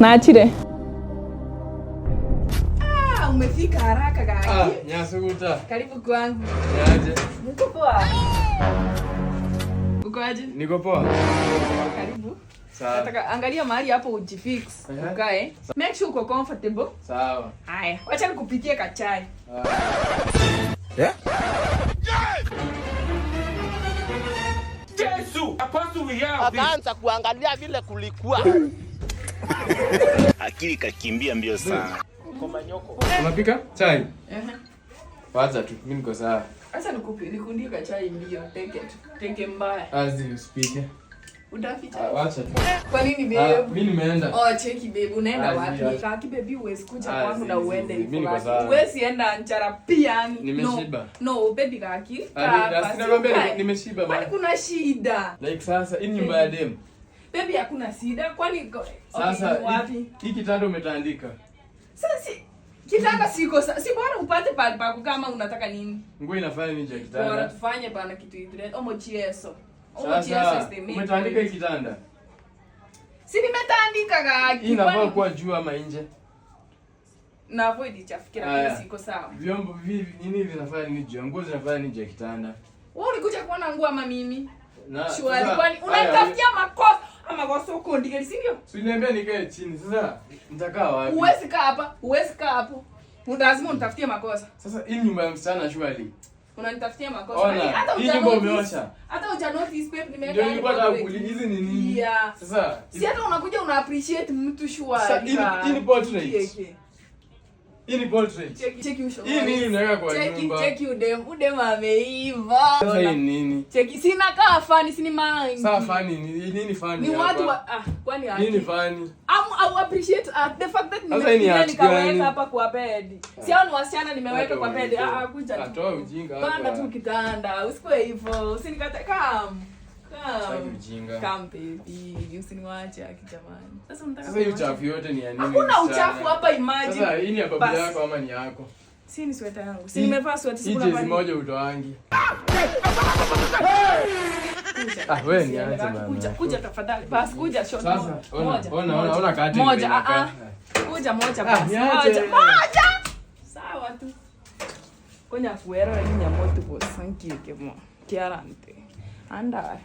Naachire. Ah, umefika haraka Ah, Nyasuguta. Karibu kwangu. Niaje? Niko poa. Uko aje? Niko poa. Karibu. Sawa. Nataka angalia mahali hapo ujifix. Uh -huh. Ukae. Make sure uko comfortable. Sawa. Haya, wacha nikupikie kachai. Ah. Yeah? Yesu, apostle Akaanza kuangalia vile kulikuwa akili kakimbia mbio sana. Unapika chai? Eh. Waza tu, mimi niko sawa. Acha nikupi, nikundika chai mbio, Take it mbaya. Azi usipike. Utaficha. Ah, wacha tu. Kwa nini babe? Ah, mimi nimeenda. Oh, cheki babe, unaenda wapi? Kaki babe huwezi kuja ah, kwangu na uende hivyo. Mimi niko sawa. Huwezi enda nchara pia. Nimeshiba. No, baby kaki. Ah, nimeshiba bana. Kuna shida. Like sasa, hii nyumba ya demu. Baby, hakuna shida. Kwani sasa wapi? Hii kitanda umetandika. Sasa si kitanda siko sasa. Si bora upate pale pa kama unataka nini? Nguo inafanya nini ya kitanda? Bora tufanye bana kitu hivi. Omo chieso. Omo chieso is the system. Umetandika hii kitanda. Si nimetandika gaki. Inafaa kuwa juu ama nje. Na avoid ichafikira kama siko sawa. Vyombo vivi nini vinafanya nini juu? Nguo zinafanya nini ya kitanda? Wewe ulikuja kuona nguo ama mimi? Na, Shwari kwani unatafutia makosa ama amakosa ukundikeli si ndio? Si niambia nikae chini. Sasa nitakaa wapi? Huwezi kaa hapa, huwezi kaa hapo. Lazima unitafutie makosa. Sasa hii nyumba ya msichana shwali. Unanitafutia makosa. Ona, Hata hii nyumba umeosha. Hata uja notice pepe nimeenda. Ndio nilikuwa nakuuliza hizi ni nini? Yeah. Sasa si hata unakuja una appreciate mtu shwali. Sasa hii ni portrait. Okay, okay. Hii ni Cheki cheki usho. Hii nini unaweka kwa nyumba? Cheki cheki udem, udem ameiva. Sasa hii nini? Cheki sina kaa fani, sini mind. Sasa fani ni nini fani? Ni watu wa ah, kwani haki. Nini fani? Am I appreciate at ah, the fact that nimekuja nikaweka hapa kwa bed. Ah. Si hao wasichana nimeweka kwa bed. Ah, ah, kuja Atoa ujinga Panda tu kitanda. Usikwe hivyo. Usinikate kam. Hakuna uchafu hapa imagine. hii ni ya babu yako ama ni yako? Si ni sweta yangu. Si nimevaa sweta si kuna moja utoangi. Kuja ah, kuja tafadhali. Bas kuja Kuja moja ah, Moja. Moja. Sawa tu. Kwenye afuera ni ya moto boss. kemo. Kiarante. Andar.